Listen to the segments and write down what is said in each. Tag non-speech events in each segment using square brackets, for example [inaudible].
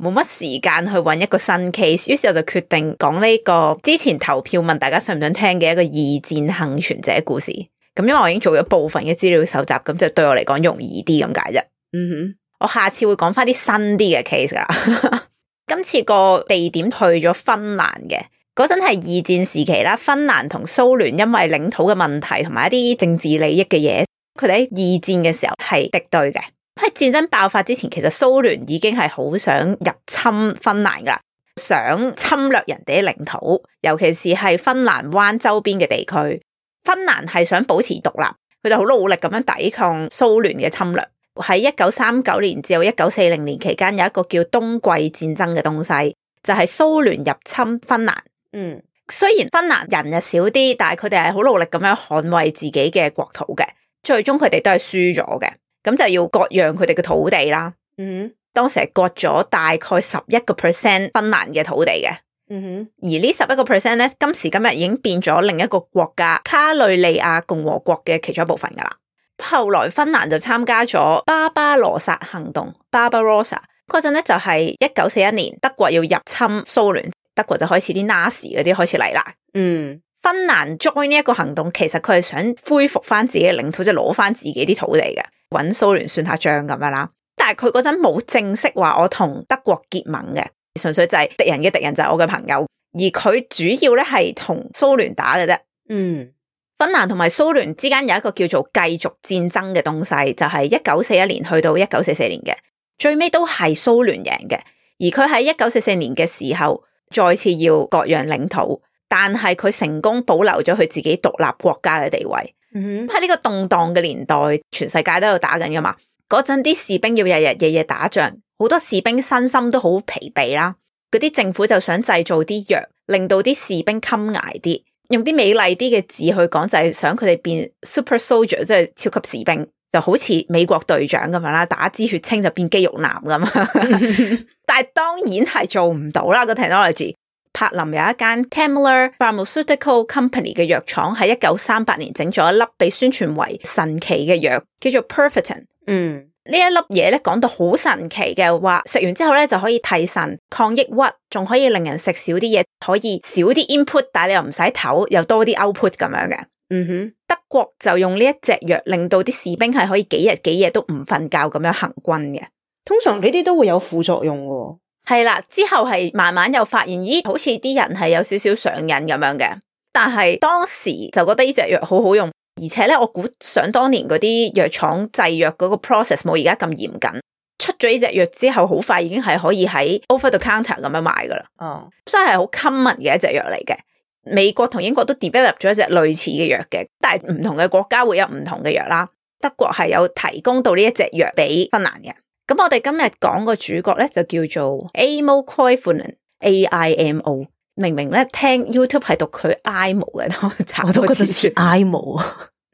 冇乜時間去揾一個新 case，於是我就決定講呢個之前投票問大家想唔想聽嘅一個二戰幸存者故事。咁因為我已經做咗部分嘅資料搜集，咁就對我嚟講容易啲咁解啫。嗯哼，我下次會講翻啲新啲嘅 case 㗎。 [laughs] 今次個地點去咗芬蘭嘅，嗰陣係二戰時期啦。芬蘭同蘇聯因為領土嘅問題同埋一啲政治利益嘅嘢，佢哋喺二戰嘅時候係敵對嘅。喺戰爭爆發之前，其實蘇聯已經係好想入侵芬蘭噶啦，想侵略人哋嘅領土，尤其是係芬蘭灣周邊嘅地區。芬蘭係想保持獨立，佢就好努力咁樣抵抗蘇聯嘅侵略。喺一九三九年至到一九四零年期間，有一個叫冬季戰爭嘅東西，就係蘇聯入侵芬蘭。嗯，雖然芬蘭人就少啲，但係佢哋係好努力咁樣捍衛自己嘅國土嘅，最終佢哋都係輸咗嘅。咁就要割讓佢哋嘅土地啦。嗯哼、mm，hmm. 當時係割咗大概十一個 percent 芬蘭嘅土地嘅。嗯哼、mm，hmm. 而呢十一個 percent 咧，今時今日已經變咗另一個國家——卡累利亞共和國嘅其中一部分噶啦後來芬蘭就參加咗巴巴羅薩行動，巴巴羅薩。嗰陣咧就係一九四一年，德國要入侵蘇聯，德國就開始啲納士嗰啲開始嚟啦。嗯、mm，hmm. 芬蘭 join 呢一個行動，其實佢係想恢復翻自己嘅領土，即係攞翻自己啲土地嘅。揾蘇聯算下賬咁樣啦，但係佢嗰陣冇正式話我同德國結盟嘅，純粹就係敵人嘅敵人就係我嘅朋友，而佢主要咧係同蘇聯打嘅啫。嗯，芬蘭同埋蘇聯之間有一個叫做繼續戰爭嘅東西，就係一九四一年去到一九四四年嘅，最尾都係蘇聯贏嘅，而佢喺一九四四年嘅時候再次要割讓領土，但係佢成功保留咗佢自己獨立國家嘅地位。喺呢、mm hmm. 個動蕩嘅年代，全世界都有打緊噶嘛。嗰陣啲士兵要日日夜夜打仗，好多士兵身心都好疲憊啦。嗰啲政府就想製造啲藥，令到啲士兵襟捱啲，用啲美麗啲嘅字去講，就係、是、想佢哋變 super soldier，即係超級士兵，就好似美國隊長咁樣啦。打支血清就變肌肉男咁啊！ [laughs] mm hmm. 但係當然係做唔到啦，個 technology。柏林有一間 Temmler Pharmaceutical Company 嘅藥廠，喺一九三八年整咗一粒，被宣傳為神奇嘅藥，叫做 Pervitin。嗯，呢一粒嘢咧，講到好神奇嘅話，食完之後咧就可以提神、抗抑鬱，仲可以令人食少啲嘢，可以少啲 input，但係你又唔使唞，又多啲 output 咁樣嘅。嗯哼，德國就用呢一隻藥，令到啲士兵係可以幾日幾夜都唔瞓覺咁樣行軍嘅。通常呢啲都會有副作用。係啦，之後係慢慢又發現，咦、哎，好似啲人係有少少上癮咁樣嘅。但係當時就覺得呢隻藥好好用，而且咧，我估想當年嗰啲藥廠製藥嗰個 process 冇而家咁嚴謹，出咗呢隻藥之後，好快已經係可以喺 over the counter 咁樣買噶啦。哦，oh. 所以係好 common 嘅一隻藥嚟嘅。美國同英國都 develop 咗一隻類似嘅藥嘅，但係唔同嘅國家會有唔同嘅藥啦。德國係有提供到呢一隻藥俾芬蘭人。咁我哋今日講個主角咧就叫做 Aimo Koivunen，A I M O，明明咧聽 YouTube 係讀佢 Imo 嘅，我都覺得似 Imo。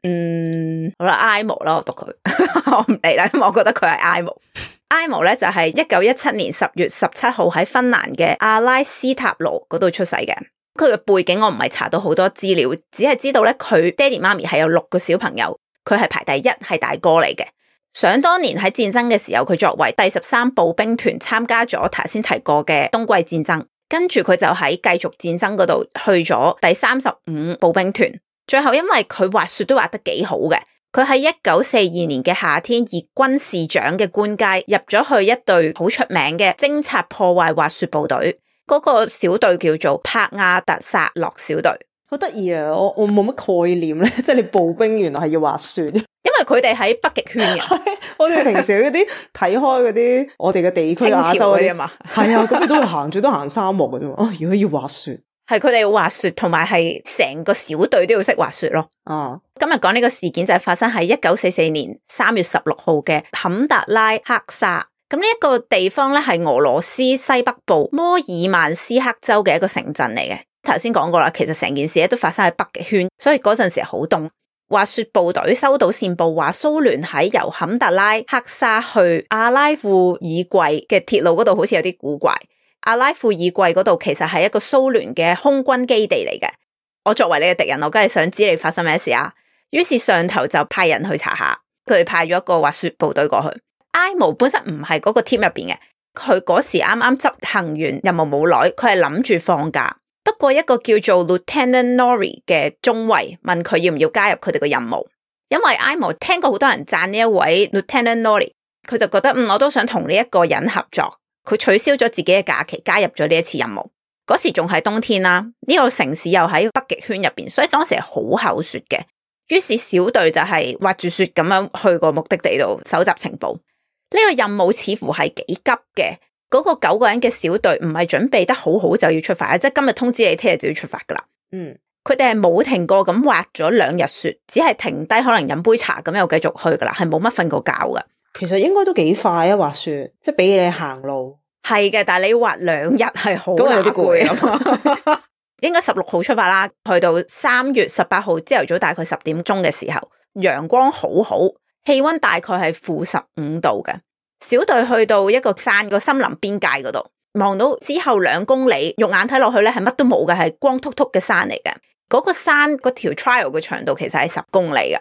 嗯，好啦，Imo 啦，我讀佢。 [laughs] 我唔理啦，因為我覺得佢係 Imo。 [laughs] Imo 咧就係一九一七年十月十七號喺芬蘭嘅阿拉斯塔羅嗰度出世嘅。佢嘅背景我唔係查到好多資料，只係知道咧佢爹哋媽咪係有六個小朋友，佢係排第一係大哥嚟嘅。想當年喺戰爭嘅時候，佢作為第十三步兵團參加咗頭先提過嘅冬季戰爭，跟住佢就喺繼續戰爭嗰度去咗第三十五步兵團，最後因為佢滑雪都滑得幾好嘅，佢喺一九四二年嘅夏天以軍事長嘅官階入咗去一隊好出名嘅偵察破壞滑雪部隊，嗰個小隊叫做帕亞特薩洛小隊。好得意啊！我我冇乜概念咧，即係你步兵原來係要滑雪？因為佢哋喺北極圈嘅。我哋平時嗰啲睇開嗰啲，我哋嘅地區亞洲啊嘛，係啊，咁你都行住都行沙漠嘅啫嘛。哦，如果要滑雪，係佢哋要滑雪，同埋係成個小隊都要識滑雪咯。哦、嗯，今日講呢個事件就係發生喺一九四四年三月十六號嘅坎達拉克沙。咁呢一個地方咧係俄羅斯西北部摩爾曼斯克州嘅一個城鎮嚟嘅。頭先講過啦，其實成件事咧都發生喺北極圈，所以嗰陣時好凍。滑雪部隊收到線報話，蘇聯喺由坎特拉克沙去阿拉庫爾季嘅鐵路嗰度，好似有啲古怪。阿拉庫爾季嗰度其實係一個蘇聯嘅空軍基地嚟嘅。我作為你嘅敵人，我梗係想知你發生咩事啊。於是上頭就派人去查下，佢哋派咗一個滑雪部隊過去。艾毛本身唔係嗰個 team 入邊嘅，佢嗰時啱啱執行完任務冇耐，佢係諗住放假。不過一個叫做 Lieutenant Norry 嘅中尉問佢要唔要加入佢哋嘅任務，因為 Aimo 聽過好多人讚呢一位 Lieutenant Norry，佢就覺得嗯，我都想同呢一個人合作，佢取消咗自己嘅假期，加入咗呢一次任務。嗰時仲係冬天啦，呢個城市又喺北極圈入邊，所以當時係好厚雪嘅。於是小隊就係挖住雪咁樣去個目的地度搜集情報。呢個任務似乎係幾急嘅。嗰個九個人嘅小隊唔係準備得好好就要出發啦，即係今日通知你，聽日就要出發噶啦。嗯，佢哋係冇停過咁滑咗兩日雪，只係停低可能飲杯茶咁，又繼續去噶啦，係冇乜瞓過覺嘅。其實應該都幾快啊，滑雪即係畀你行路係嘅，但係你滑兩 [laughs] [laughs] 日係好咁有啲攰啊。應該十六號出發啦，去到三月十八號朝頭早大概十點鐘嘅時候，陽光好好，氣溫大概係負十五度嘅。小隊去到一個山嗰個森林邊界嗰度，望到之後兩公里，肉眼睇落去咧係乜都冇嘅，係光禿禿嘅山嚟嘅。嗰個山嗰條 trial 嘅長度其實係十公里嘅。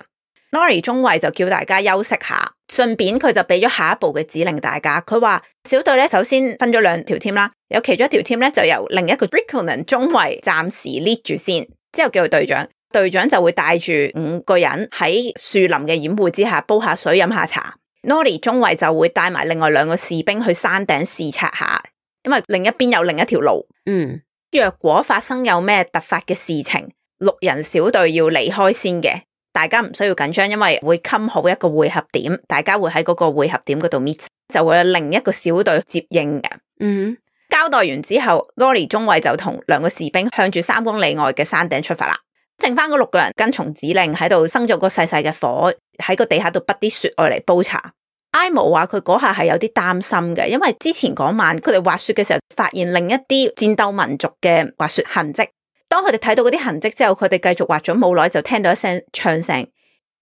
Nori 中尉就叫大家休息下，順便佢就俾咗下一步嘅指令大家。佢話小隊咧首先分咗兩條 team，啦，有其中一條 team 咧就由另一個 Brickman 中尉暫時 lead 住先，之後叫佢隊長，隊長就會帶住五個人喺樹林嘅掩護之下煲下水飲下茶。Norie 中尉就會帶埋另外兩個士兵去山頂視察下，因為另一邊有另一條路。嗯，若果發生有咩突發嘅事情，六人小隊要離開先嘅，大家唔需要緊張，因為會冚好一個匯合點，大家會喺嗰個匯合點嗰度 meet，就會有另一個小隊接應嘅。嗯，交代完之後，Norie 中尉就同兩個士兵向住三公里外嘅山頂出發啦。剩翻嗰六個人跟從指令，喺度生咗個細細嘅火，喺個地下度撥啲雪落嚟煲茶。艾毛話佢嗰下係有啲擔心嘅，因為之前嗰晚佢哋滑雪嘅時候，發現另一啲戰鬥民族嘅滑雪痕跡。當佢哋睇到嗰啲痕跡之後，佢哋繼續滑咗冇耐，就聽到一聲槍聲。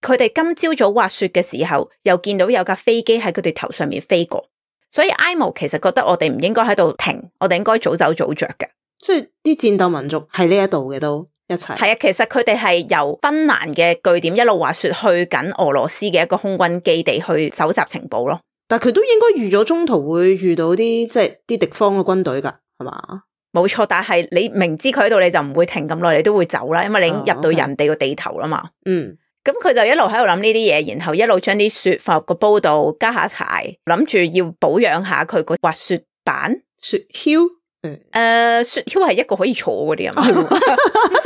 佢哋今朝早滑雪嘅時候，又見到有架飛機喺佢哋頭上面飛過。所以艾毛其實覺得我哋唔應該喺度停，我哋應該早走早着嘅。所以啲戰鬥民族喺呢一度嘅都。一齊係啊！其實佢哋係由芬蘭嘅據點一路滑雪去緊俄羅斯嘅一個空軍基地，去搜集情報咯。但係佢都應該預咗中途會遇到啲即係啲敵方嘅軍隊噶，係嘛？冇錯，但係你明知佢喺度，你就唔會停咁耐，你都會走啦，因爲你已經入到人哋個地頭啦嘛。哦 okay. 嗯，咁佢就一路喺度諗呢啲嘢，然後一路將啲雪放入個煲度，加下柴，諗住要保養下佢個滑雪板、雪橇。誒，uh, 雪橇係一個可以坐嗰啲啊，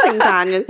聖誕嘅，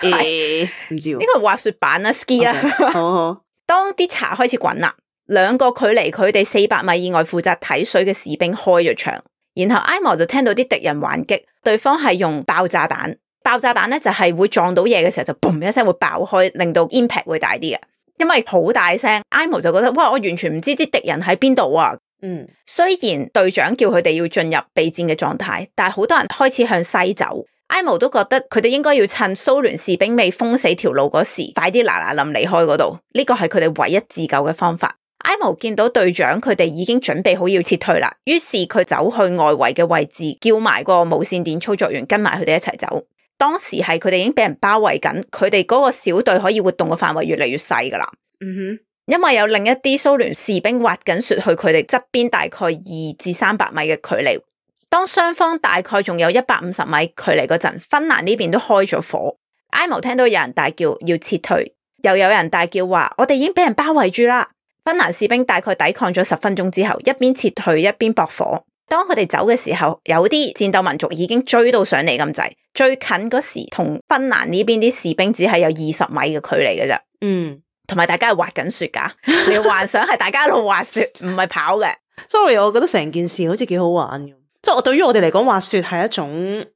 係唔、 [laughs] uh, 知呢個滑雪板啦，ski 啦。當啲茶開始滾啦，兩個距離佢哋四百米以外負責睇水嘅士兵開咗槍，然後 Aimo 就聽到啲敵人還擊，對方係用爆炸彈，爆炸彈咧就係會撞到嘢嘅時候就嘣一聲會爆開，令到 impact 會大啲嘅，因為好大聲，Aimo 就覺得哇，我完全唔知啲敵人喺邊度啊。嗯，雖然隊長叫佢哋要進入備戰嘅狀態，但係好多人開始向西走。Aimo 都覺得佢哋應該要趁蘇聯士兵未封死條路嗰時，快啲嗱嗱臨離開嗰度，呢個係佢哋唯一自救嘅方法。Aimo 見到隊長佢哋已經準備好要撤退啦，於是佢走去外圍嘅位置，叫埋個無綫電操作員跟埋佢哋一齊走。當時係佢哋已經俾人包圍緊，佢哋嗰個小隊可以活動嘅範圍越嚟越細噶啦。嗯哼、mm。Hmm. 因為有另一啲蘇聯士兵挖緊雪去佢哋側邊大概二至三百米嘅距離，當雙方大概仲有一百五十米距離嗰陣，芬蘭呢邊都開咗火。埃摩聽到有人大叫要撤退，又有人大叫話我哋已經被人包圍住啦。芬蘭士兵大概抵抗咗十分鐘之後，一邊撤退一邊駁火。當佢哋走嘅時候，有啲戰鬥民族已經追到上嚟咁滯，最近嗰時同芬蘭呢邊啲士兵只係有二十米嘅距離嘅啫。嗯。Mm. 同埋大家係滑緊雪噶，你幻想係大家一路滑雪，唔係跑嘅。 [laughs] Sorry，我覺得成件事好似幾好玩，即係我對於我哋嚟講，滑雪係一種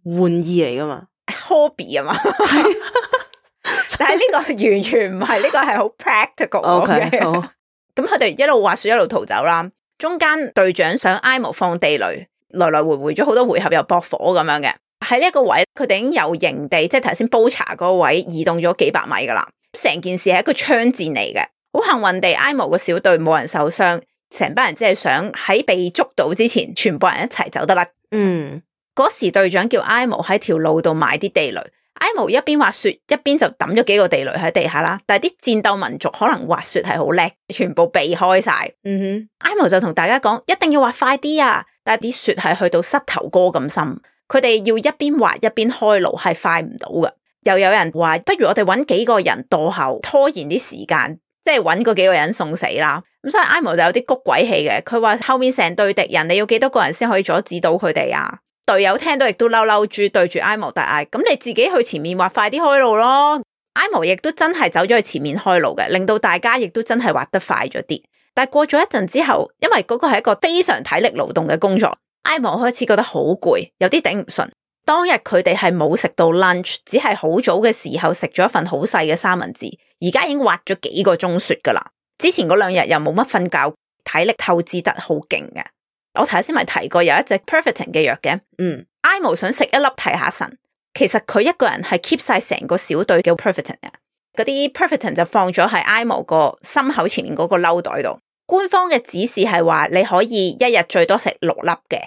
玩意嚟噶嘛，hobby 啊嘛。但係呢個完全唔係呢個係 pract Okay, [laughs] 好 practical 嘅。咁佢哋一路滑雪一路逃走啦，中間隊長想 Aimo 放地雷，來來回回咗好多回合又駁火咁樣嘅。喺呢一個位，佢哋已經由營地，即係頭先煲茶嗰個位，移動咗幾百米噶啦。成件事係一個槍戰嚟嘅，好幸運地，艾摩個小隊冇人受傷，成班人只係想喺被捉到之前，全部人一齊走得甩。嗯，嗰時隊長叫艾摩喺條路度埋啲地雷，艾摩一邊滑雪一邊就抌咗幾個地雷喺地下啦。但係啲戰鬥民族可能滑雪係好叻，全部避開晒。嗯哼，艾摩就同大家講，一定要滑快啲啊！但係啲雪係去到膝頭哥咁深，佢哋要一邊滑一邊開路係快唔到嘅。又有人話，不如我哋搵幾個人墮後，拖延啲時間，即係搵嗰幾個人送死啦。咁所以 Aimo 就有啲谷鬼氣嘅，佢話後面成隊敵人，你要幾多個人先可以阻止到佢哋啊？隊友聽到亦都嬲嬲住，對住 Aimo 大嗌，咁你自己去前面挖，快啲開路咯！Aimo 亦都真係走咗去前面開路嘅，令到大家亦都真係挖得快咗啲。但係過咗一陣之後，因為嗰個係一個非常體力勞動嘅工作，Aimo 開始覺得好攰，有啲頂唔順。當日佢哋係冇食到 lunch，只係好早嘅時候食咗一份好細嘅三文治。而家已經挖咗幾個鐘雪噶啦。之前嗰兩日又冇乜瞓覺，體力透支得好勁嘅。我頭先咪提過有一隻 Pervitin 嘅藥嘅。嗯，Aimo 想食一粒提下神。其實佢一個人係 keep 晒成個小隊叫 Pervitin 嘅，嗰啲 Pervitin 就放咗喺 Aimo 個心口前面嗰個褸袋度。官方嘅指示係話你可以一日最多食六粒嘅，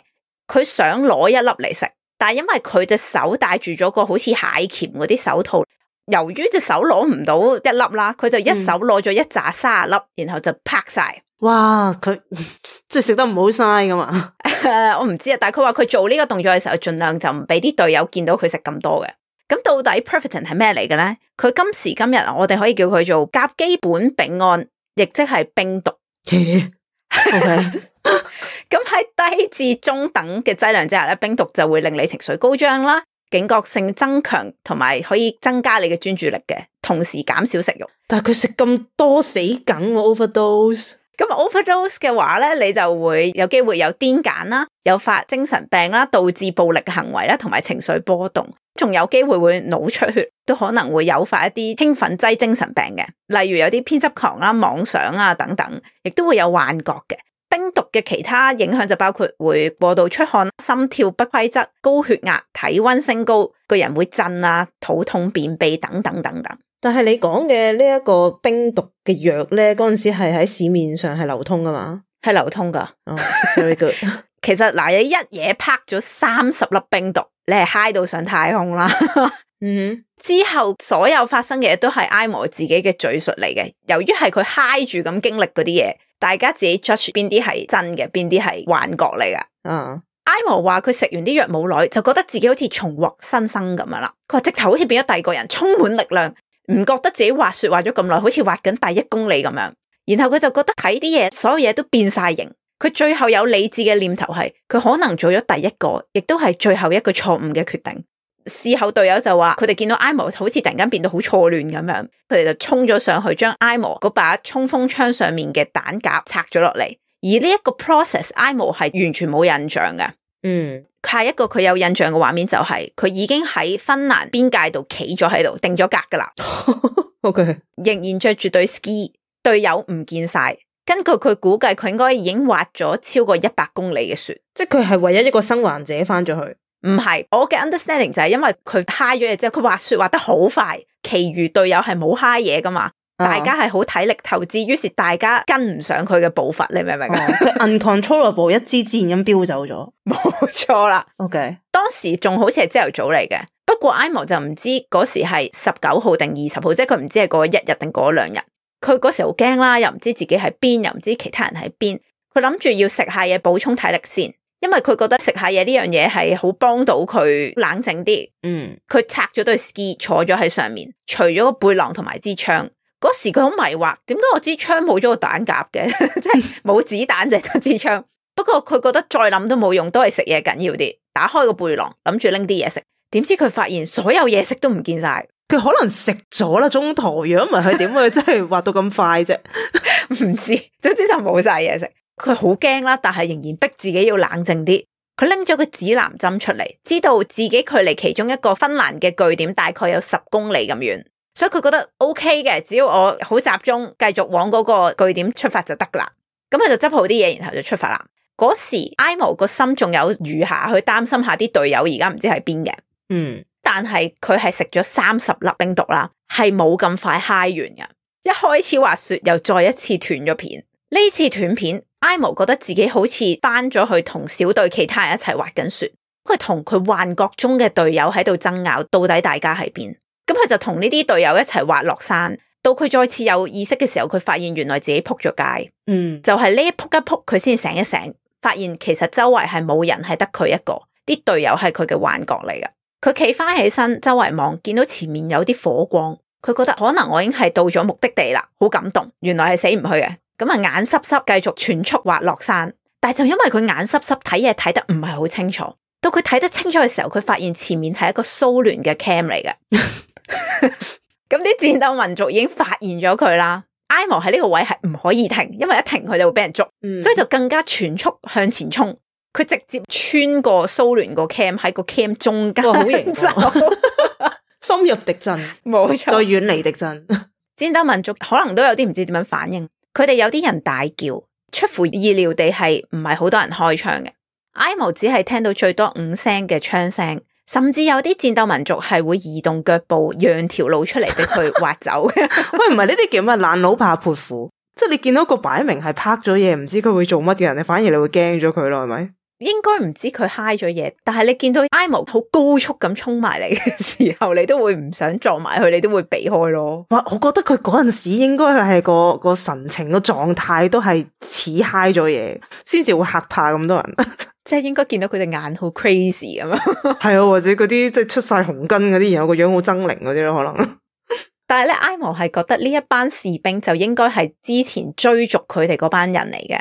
佢想攞一粒嚟食。但係因為佢隻手戴住咗個好似蟹鉗嗰啲手套，由於隻手攞唔到一粒啦，佢就一手攞咗一紮卅粒，嗯、然後就啪晒。哇！佢 [laughs] 即係食得唔好嘥噶嘛？ [laughs] 我唔知啊，但係佢話佢做呢個動作嘅時候，盡量就唔俾啲隊友見到佢食咁多嘅。咁到底 Pervitin 係咩嚟嘅咧？佢今時今日我哋可以叫佢做甲基苯丙胺，亦即係冰毒。 [laughs] Okay. [laughs] 咁喺低至中等嘅劑量之下咧，冰毒就會令你情緒高漲啦，警覺性增強，同埋可以增加你嘅專注力嘅，同時減少食欲。但係佢食咁多死梗，我 overdose。咁 overdose 嘅話咧，你就會有機會有癲癇啦，有發精神病啦，導致暴力嘅行為啦，同埋情緒波動，仲有機會會腦出血，都可能會誘發一啲興奮劑精神病嘅，例如有啲偏執狂啦、妄想啊等等，亦都會有幻覺嘅。冰毒嘅其他影響就包括會過度出汗、心跳不規則、高血壓、體温升高，個人會震啊、肚痛、便秘等等等等。但係你講嘅呢一個冰毒嘅藥咧，嗰陣時係喺市面上係流通噶嘛？係流通噶。哦 very good，其實嗱，你一嘢啪咗三十粒冰毒，你係嗨到上太空啦。 [laughs] 嗯，mm hmm. 之後所有發生嘅嘢都係埃摩自己嘅敘述嚟嘅。由於係佢嗨住咁經歷嗰啲嘢，大家自己 judge 邊啲係真嘅，邊啲係幻覺嚟嘅。嗯、mm，埃摩話佢食完啲藥冇耐，就覺得自己好似重獲新生咁樣啦。佢話直頭好似變咗第二個人，充滿力量，唔覺得自己滑雪滑咗咁耐，好似滑緊第一公里咁樣。然後佢就覺得睇啲嘢，所有嘢都變晒形。佢最後有理智嘅念頭係，佢可能做咗第一個，亦都係最後一個錯誤嘅決定。事後隊友就話佢哋見到 Aimo 好似突然間變到好錯亂咁樣，佢哋就衝咗上去將 Aimo 嗰把衝鋒槍上面嘅彈夾拆咗落嚟。而呢一個 process，Aimo 係完全冇印象嘅。嗯，下一個佢有印象嘅畫面就係、是、佢已經喺芬蘭邊界度企咗喺度定咗格噶啦。 [laughs] OK，仍然着住對 ski，隊友唔見晒。根據佢估計，佢應該已經滑咗超過一百公里嘅雪，即係佢係唯一一個生還者翻咗去。唔係，我嘅 understanding 就係因為佢 high 咗嘢之後，佢滑雪滑得好快，其餘隊友係冇 high 嘢噶嘛，uh huh。大家係好體力透支，於是大家跟唔上佢嘅步伐，你明唔明、uh huh [laughs] ？Uncontrollable 一支箭咁飆走咗，冇錯啦。OK，當時仲好似係朝頭早嚟嘅，不過 Aimo 就唔知嗰時係十九號定二十號，即係佢唔知係過咗一日定過咗兩日。佢嗰時好驚啦，又唔知自己喺邊，又唔知其他人喺邊，佢諗住要食下嘢補充體力先。因為佢覺得食下嘢呢樣嘢係好幫到佢冷靜啲，嗯，佢拆咗對 ski 坐咗喺上面，除咗個背囊同埋支槍，嗰時佢好迷惑，點解我支槍冇咗個彈夾嘅，即係冇子彈淨係得支槍。嗯、不過佢覺得再諗都冇用，都係食嘢緊要啲。打開個背囊，諗住拎啲嘢食，點知佢發現所有嘢食都唔見晒。佢可能食咗啦，中途如果唔係佢點會真係滑到咁快啫？唔 [laughs] 知，總之就冇晒嘢食。佢好驚啦，但係仍然逼自己要冷靜啲。佢拎咗個指南針出嚟，知道自己距離其中一個芬蘭嘅據點大概有十公里咁遠，所以佢覺得 OK 嘅，只要我好集中，繼續往嗰個據點出發就得啦。咁佢就執好啲嘢，然後就出發啦。嗰時艾摩個心仲有餘下，佢擔心下啲隊友而家唔知喺邊嘅。嗯，但係佢係食咗三十粒冰毒啦，係冇咁快嗨完嘅。一開始滑雪又再一次斷咗片，呢次斷片。Aimo 覺得自己好似翻咗去同小隊其他人一齊滑緊雪，佢同佢幻覺中嘅隊友喺度爭拗，到底大家喺邊？咁佢就同呢啲隊友一齊滑落山。到佢再次有意識嘅時候，佢發現原來自己仆咗街，嗯，就係呢一仆一仆，佢先醒一醒，發現其實周圍係冇人，係得佢一個，啲隊友係佢嘅幻覺嚟㗎。佢企翻起身，周圍望，見到前面有啲火光，佢覺得可能我已經係到咗目的地啦，好感動，原來係死唔去嘅。咁啊，眼濕濕繼續全速滑落山，但係就因為佢眼濕濕睇嘢，睇得唔係好清楚，到佢睇得清楚嘅時候，佢發現前面係一個蘇聯嘅 cam 嚟嘅。咁啲 [laughs] [laughs] 戰鬥民族已經發現咗佢啦，埃摩喺呢個位係唔可以停，因為一停佢就會俾人捉，嗯、所以就更加全速向前衝。佢直接穿過蘇聯個 cam 喺個 cam 中間，好型，哦， [laughs] [laughs] 深入敵陣，冇錯錯，再遠離敵陣。 [laughs] 戰鬥民族可能都有啲唔知點樣反應。佢哋有啲人大叫，出乎意料地係唔係好多人開槍嘅。Aimo 只係聽到最多五聲嘅槍聲，甚至有啲戰鬥民族係會移動腳步讓條路出嚟俾佢劃走嘅。 [laughs] [laughs] 喂，唔係呢啲叫乜爛佬怕潑婦？即係你見到個擺明係拍咗嘢，唔知佢會做乜嘅人，你反而你會驚咗佢咯，係咪？應該唔知佢嗨咗嘢，但係你見到 Aimo 好高速咁衝埋嚟嘅時候，你都會唔想撞埋佢，你都會避開咯。哇！我覺得佢嗰陣時應該係個個神情個狀態都係似嗨咗嘢，先至會嚇怕咁多人。 [laughs] 即係應該見到佢隻眼好 crazy 咁啊！係 [laughs] 啊，或者嗰啲即係出晒紅筋嗰啲，然後個樣好猙獰嗰啲咯，可能。 [laughs] 但係咧，Aimo 係覺得呢一班士兵就應該係之前追逐佢哋嗰班人嚟嘅。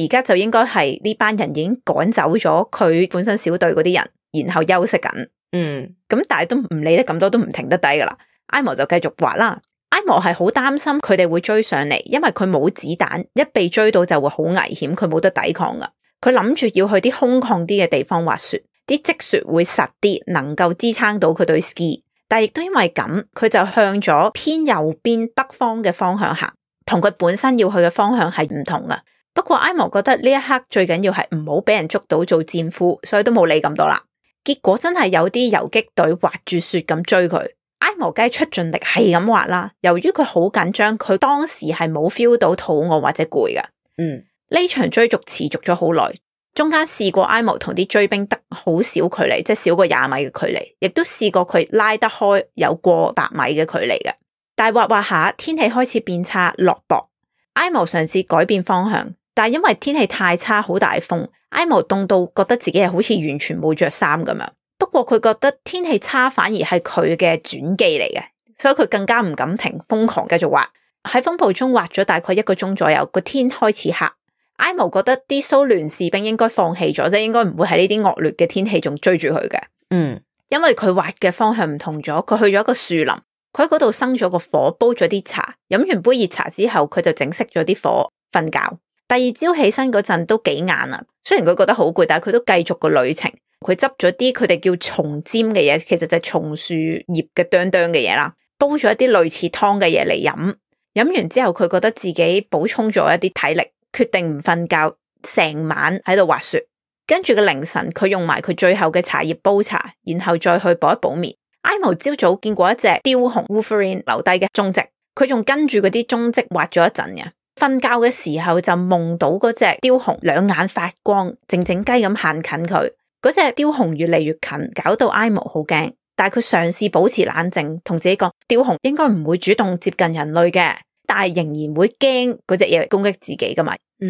而家就應該係呢班人已經趕走咗佢本身小隊嗰啲人，然後休息緊。嗯，咁但係都唔理得咁多，都唔停得低噶啦。埃摩就繼續滑啦。埃摩係好擔心佢哋會追上嚟，因為佢冇子彈，一被追到就會好危險，佢冇得抵抗噶。佢諗住要去啲空曠啲嘅地方滑雪，啲積雪會實啲，能夠支撐到佢對 ski。但係亦都因為咁，佢就向咗偏右邊北方嘅方向行，同佢本身要去嘅方向係唔同噶。不過 Aimo 覺得呢一刻最緊要係唔好俾人捉到做戰俘，所以都冇理咁多啦。結果真係有啲游擊隊滑住雪咁追佢，Aimo 梗係出盡力係咁滑啦。由於佢好緊張，佢當時係冇 feel 到肚餓或者攰㗎。嗯，呢場追逐持續咗好耐，中間試過 Aimo 同啲追兵得好少距離，即係少過廿米嘅距離，亦都試過佢拉得開有過百米嘅距離嘅。但係滑滑下，天氣開始變差，落雹。Aimo 嘗試改變方向。但係因為天氣太差，好大風，埃摩凍到覺得自己係好似完全冇着衫咁樣。不過佢覺得天氣差反而係佢嘅轉機嚟嘅，所以佢更加唔敢停，瘋狂繼續滑。喺風暴中滑咗大概一個鐘左右，個天開始黑。埃摩覺得啲蘇聯士兵應該放棄咗，即係應該唔會喺呢啲惡劣嘅天氣仲追住佢嘅。嗯，因為佢滑嘅方向唔同咗，佢去咗一個樹林，佢喺嗰度生咗個火，煲咗啲茶，飲完杯熱茶之後，佢就整熄咗啲火，瞓覺。第二朝起身嗰陣都幾晏啦，雖然佢覺得好攰，但係佢都繼續個旅程。佢執咗啲佢哋叫松尖嘅嘢，其實就係松樹葉嘅哚哚嘅嘢啦，煲咗一啲類似湯嘅嘢嚟飲。飲完之後佢覺得自己補充咗一啲體力，決定唔瞓覺，成晚喺度滑雪。跟住個凌晨佢用埋佢最後嘅茶葉煲茶，然後再去補一補眠。艾慕朝早見過一隻雕紅 Wolverine 留低嘅蹤跡，佢仲跟住嗰啲蹤跡滑咗一陣嘅。瞓覺嘅時候就夢到嗰隻雕熊，兩眼發光，靜靜雞咁行近佢。嗰隻雕熊越嚟越近，搞到埃摩好驚。但係佢嘗試保持冷靜，同自己講雕熊應該唔會主動接近人類嘅，但係仍然會驚嗰隻嘢攻擊自己㗎嘛。嗯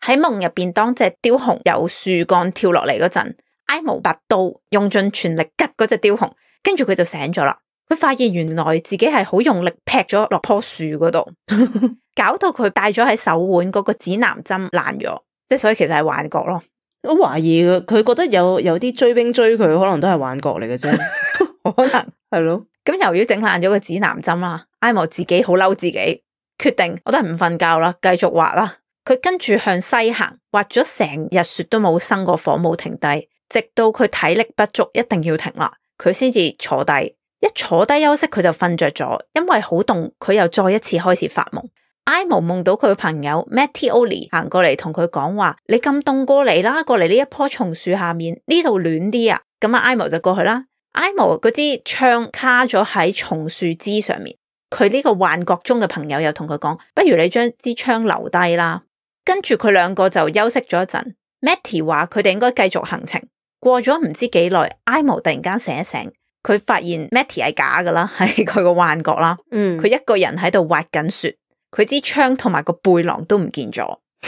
哼，喺夢入面，當隻雕熊由樹幹跳落嚟嗰陣，埃摩拔刀用盡全力㓤嗰隻雕熊，跟住佢就醒咗啦。佢發現原來自己係好用力劈咗落棵樹嗰度， [laughs] 搞到佢戴咗喺手腕嗰個指南針爛咗，即係所以其實係幻覺咯。我懷疑佢，佢覺得有有啲追兵追佢，可能都係幻覺嚟嘅啫， [laughs] 可能係咯。咁 [laughs] 的由於整爛咗個指南針啦，埃莫自己好嬲自己，決定我都係唔瞓覺啦，繼續滑啦。佢跟住向西行，滑咗成日雪都冇生過火，冇停低，直到佢體力不足，一定要停啦，佢先至坐低。一坐低休息，佢就瞓着咗。因為好凍，佢又再一次開始發夢。艾摩夢到佢嘅朋友 Mattioli 行過嚟，同佢講話：你咁凍過嚟啦，過嚟呢一棵松樹下面呢度暖啲啊！咁啊，艾摩就過去啦。艾摩嗰支槍卡咗喺松樹枝上面，佢呢個幻覺中嘅朋友又同佢講：不如你將支槍留低啦。跟住佢兩個就休息咗一陣。Matty 話佢哋應該繼續行程。過咗唔知幾耐，艾摩突然間醒一醒。佢發現 Matty 係假㗎啦，係佢個幻覺啦。嗯，佢一個人喺度挖緊雪，佢支槍同埋個背囊都唔見咗，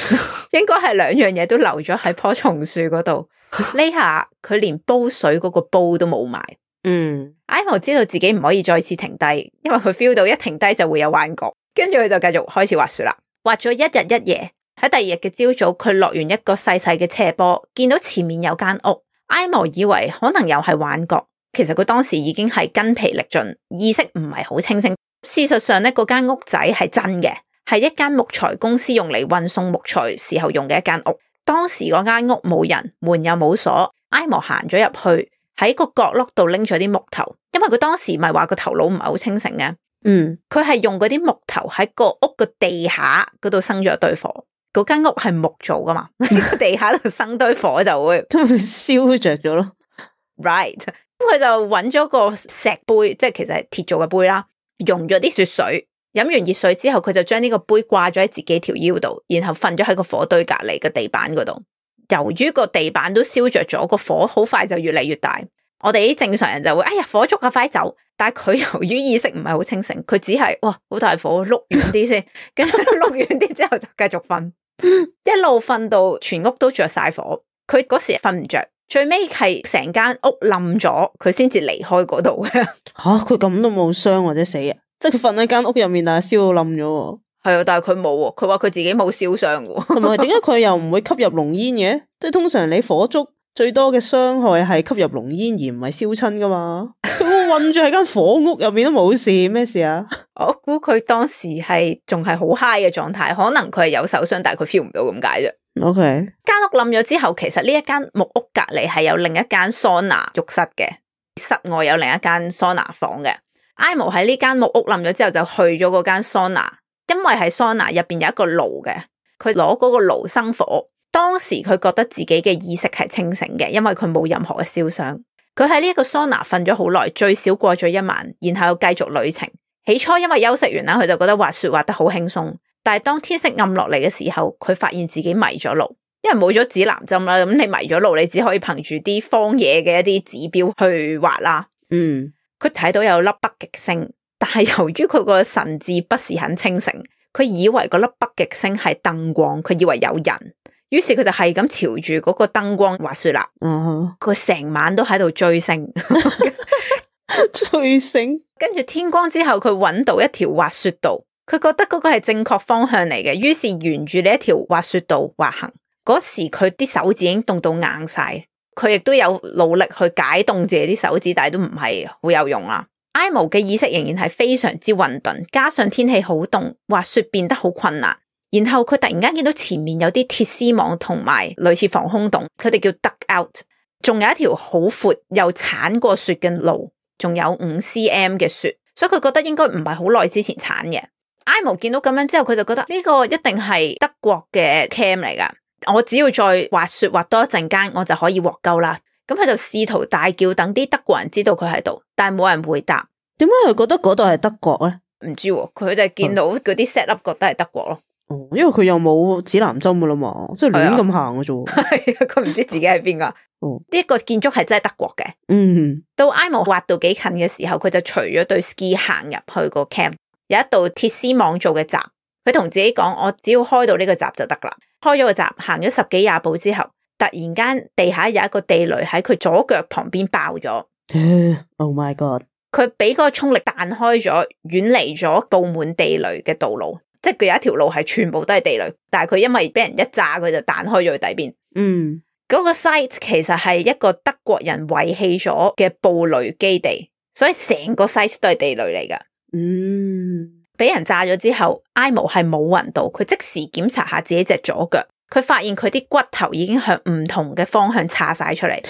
[laughs] 應該係兩樣嘢都留咗喺棵松樹嗰度。呢下佢連煲水嗰個煲都冇埋。嗯，Aimo 知道自己唔可以再次停低，因為佢 feel 到一停低就會有幻覺。跟住佢就繼續開始滑雪啦，滑咗一日一夜。喺第二日嘅朝早，佢落完一個細細嘅斜坡，見到前面有間屋，Aimo 以為可能又係幻覺。其實佢當時已經係筋疲力盡，意識唔係好清醒。事實上咧，嗰間屋仔係真嘅，係一間木材公司用嚟運送木材時候用嘅一間屋。當時嗰間屋冇人，門又冇鎖，埃摩行咗入去，喺個角落度拎咗啲木頭。因為佢當時咪話個頭腦唔係好清醒嘅，嗯，佢係用嗰啲木頭喺個屋個地下嗰度生咗堆火。嗰間屋係木造㗎嘛， [laughs] [laughs] 地下度生堆火就會燒 [laughs] [laughs] 着咗了咯，right。咁佢就揾咗個石杯，即係其實係鐵做嘅杯啦，溶咗啲雪水，飲完熱水之後，佢就將呢個杯掛咗喺自己條腰度，然後瞓咗喺個火堆隔籬嘅地板嗰度。由於個地板都燒着咗，個火好快就越嚟越大。我哋啲正常人就會哎呀，火燭啊，快走！但係佢由於意識唔係好清醒，佢只係哇，好大火，碌遠啲先，跟住碌遠啲之後就繼續瞓，一路瞓到全屋都着晒火。佢嗰時瞓唔着。最尾係成間屋冧咗，佢先至離開嗰度嘅。吓，佢咁都冇傷或者死啊？即係佢瞓喺間屋入面，但係燒到冧咗。係啊，但係佢冇，佢話佢自己冇燒傷。同埋點解佢又唔會吸入濃煙嘅？即係通常你火燭最多嘅傷害係吸入濃煙，而唔係燒親噶嘛？佢混住喺間火屋入面都冇事咩事啊？我估佢當時係仲係好嗨嘅狀態，可能佢係有受傷，但係佢 feel 唔到咁解啫。OK，間屋冧咗之後，其實呢一間木屋隔籬係有另一間桑拿浴室嘅，室外有另一間桑拿房嘅。艾摩喺呢間木屋冧咗之後，就去咗嗰間桑拿，因為係桑拿入邊有一個爐嘅，佢攞嗰個爐生火。當時佢覺得自己嘅意識係清醒嘅，因為佢冇任何嘅燒傷。佢喺呢一個桑拿瞓咗好耐，最少過咗一晚，然後又繼續旅程。起初因為休息完啦，佢就覺得滑雪滑得好輕鬆。但係當天色暗落嚟嘅時候，佢發現自己迷咗路，因為冇咗指南針啦。咁你迷咗路，你只可以憑住啲荒野嘅一啲指標去滑啦。嗯，佢睇到有粒北極星，但係由於佢個神智不是很清醒，佢以為嗰粒北極星係燈光，佢以為有人，於是佢就係咁朝住嗰個燈光滑雪啦。嗯，佢成晚都喺度追星， [laughs] [laughs] 追星。跟住天光之後，佢揾到一條滑雪道。佢覺得嗰個係正確方向嚟嘅，於是沿住呢一條滑雪道滑行。嗰時佢啲手指已經凍到硬晒，佢亦都有努力去解凍自己啲手指，但係都唔係好有用啊。Aimo 嘅意識仍然係非常之混沌，加上天氣好凍，滑雪變得好困難。然後佢突然間見到前面有啲鐵絲網同埋類似防空洞，佢哋叫 duck out，仲有一條好闊又鏟過雪嘅路，仲有五 cm 嘅雪，所以佢覺得應該唔係好耐之前鏟嘅。艾慕見到咁樣之後，佢就覺得呢個一定係德國嘅 camp 嚟噶。我只要再滑雪滑多一陣間，我就可以獲救啦。咁佢就試圖大叫，等啲德國人知道佢喺度，但係冇人回答。點解佢覺得嗰度係德國咧？唔知喎、啊，佢就見到嗰啲 set up，覺得係德國咯、啊。哦、嗯，因為佢又冇指南針噶啦嘛，即係亂咁行嘅啫。係啊，佢唔 [laughs] 知自己係邊個。哦、嗯，呢個建築係真係德國嘅。嗯，到艾慕滑到幾近嘅時候，佢就除咗對 ski 行入去個 camp。有一道鐵絲網做嘅閘，佢同自己講：我只要開到呢個閘就得啦。開咗個閘，行咗十幾廿步之後，突然間地下有一個地雷喺佢左腳旁邊爆咗。 [laughs] Oh my god！佢俾嗰個衝力彈開咗，遠離咗布滿地雷嘅道路，即係佢有一條路係全部都係地雷，但係佢因為俾人一炸，佢就彈開咗去底邊。嗯，嗰個 site 其實係一個德國人遺棄咗嘅布雷基地，所以成個 site 都係地雷嚟㗎。嗯。Mm. 俾人炸咗之後，Aimo 係冇暈到，佢即時檢查下自己隻左腳，佢發現佢啲骨頭已經向唔同嘅方向叉晒出嚟，